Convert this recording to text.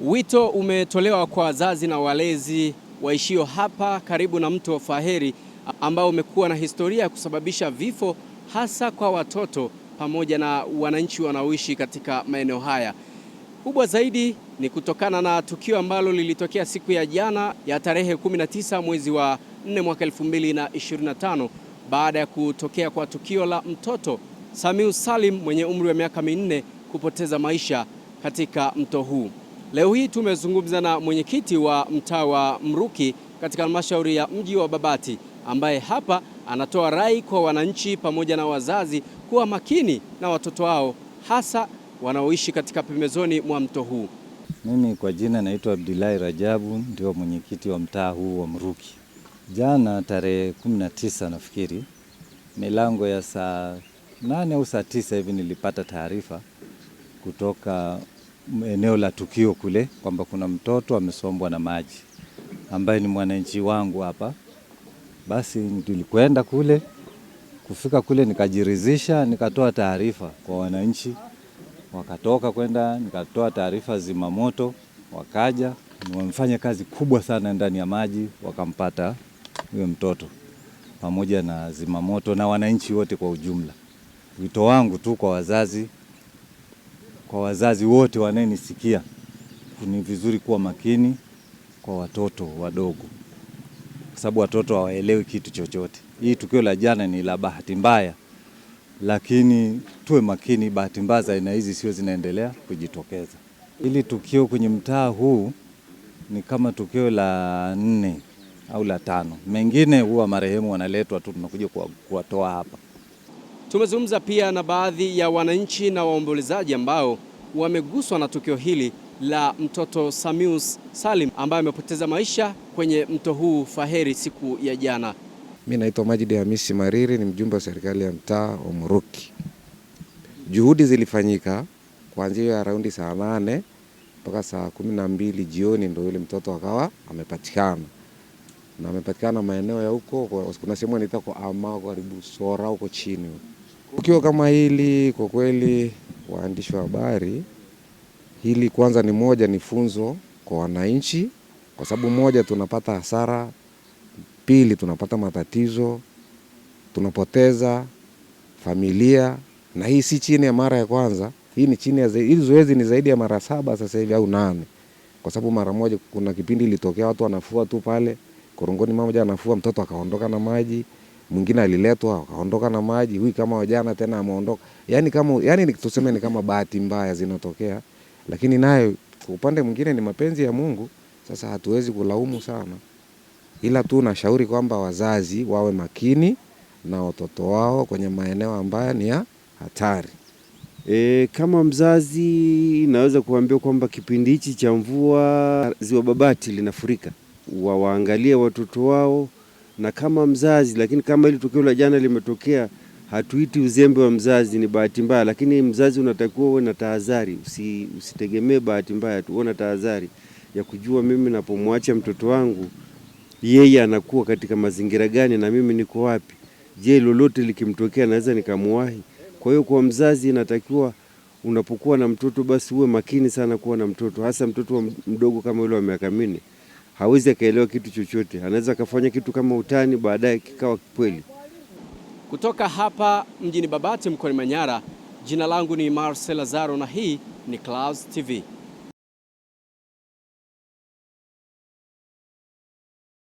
Wito umetolewa kwa wazazi na walezi waishio hapa karibu na mto faheri ambao umekuwa na historia ya kusababisha vifo hasa kwa watoto pamoja na wananchi wanaoishi katika maeneo haya. Kubwa zaidi ni kutokana na tukio ambalo lilitokea siku ya jana ya tarehe 19 mwezi wa 4 mwaka 2025 baada ya kutokea kwa tukio la mtoto Samiu Salim mwenye umri wa miaka minne kupoteza maisha katika mto huu. Leo hii tumezungumza na mwenyekiti wa mtaa wa Mruki katika halmashauri ya mji wa Babati ambaye hapa anatoa rai kwa wananchi pamoja na wazazi kuwa makini na watoto wao hasa wanaoishi katika pembezoni mwa mto huu. Mimi kwa jina naitwa abdulahi Rajabu, ndio mwenyekiti wa mtaa huu wa Mruki. Jana tarehe 19 nafikiri milango ya saa nane au saa tisa hivi nilipata taarifa kutoka eneo la tukio kule kwamba kuna mtoto amesombwa na maji ambaye ni mwananchi wangu hapa. Basi nilikwenda kule, kufika kule nikajiridhisha, nikatoa taarifa kwa wananchi, wakatoka kwenda, nikatoa taarifa zimamoto, wakaja, wamefanya kazi kubwa sana ndani ya maji, wakampata huyo mtoto pamoja na zimamoto na wananchi wote kwa ujumla. Wito wangu tu kwa wazazi kwa wazazi wote wanayenisikia, ni vizuri kuwa makini kwa watoto wadogo, kwa sababu watoto hawaelewi kitu chochote. Hii tukio la jana ni la bahati mbaya, lakini tuwe makini, bahati mbaya za aina hizi sio zinaendelea kujitokeza. Hili tukio kwenye mtaa huu ni kama tukio la nne au la tano. Mengine huwa marehemu wanaletwa tu, tunakuja kuwatoa hapa. Tumezungumza pia na baadhi ya wananchi na waombolezaji ambao wameguswa na tukio hili la mtoto Samius Salim ambaye amepoteza maisha kwenye mto huu Faheri siku ya jana. Mimi naitwa Majidi Hamisi Mariri, ni mjumbe wa serikali ya mtaa wa Muruki. Juhudi zilifanyika kuanzia ya raundi saa nane mpaka saa kumi na mbili jioni, ndio yule mtoto akawa amepatikana na amepatikana maeneo ya huko, kuna sehemu anaita kwa ama karibu Sora huko chini Tukio kama hili kwa kweli, waandishi wa habari, hili kwanza ni moja, ni funzo kwa wananchi, kwa sababu moja, tunapata hasara; pili, tunapata matatizo, tunapoteza familia, na hii si chini ya mara ya kwanza. Hii ni chini ya hili zoezi ni zaidi ya mara saba sasa hivi au nane, kwa sababu mara moja, kuna kipindi ilitokea watu wanafua tu pale korongoni, mmoja anafua mtoto akaondoka na maji mwingine aliletwa akaondoka na maji, huyu kama wajana tena ameondoka. Yani kama yani tuseme ni kama bahati mbaya zinatokea, lakini nayo kwa upande mwingine ni mapenzi ya Mungu. Sasa hatuwezi kulaumu sana, ila tu nashauri kwamba wazazi wawe makini na watoto wao kwenye maeneo ambayo ni ya hatari. E, kama mzazi naweza kuambia kwamba kipindi hichi cha mvua Ziwa Babati linafurika, wawaangalie watoto wao na kama mzazi. Lakini kama hili tukio la jana limetokea, hatuiti uzembe wa mzazi, ni bahati mbaya, lakini mzazi unatakiwa uwe na tahadhari, usi, usitegemee bahati mbaya tu, uwe na tahadhari ya kujua mimi napomwacha mtoto wangu yeye anakuwa katika mazingira gani na mimi niko wapi. Je, lolote likimtokea naweza nikamwahi? Kwa hiyo kwa mzazi inatakiwa unapokuwa na mtoto basi uwe makini sana kuwa na mtoto, hasa mtoto wa mdogo kama yule wa miaka minne hawezi akaelewa kitu chochote, anaweza akafanya kitu kama utani, baadaye kikawa kweli. Kutoka hapa mjini Babati mkoani Manyara, jina langu ni Marcel Lazaro na hii ni Clouds TV.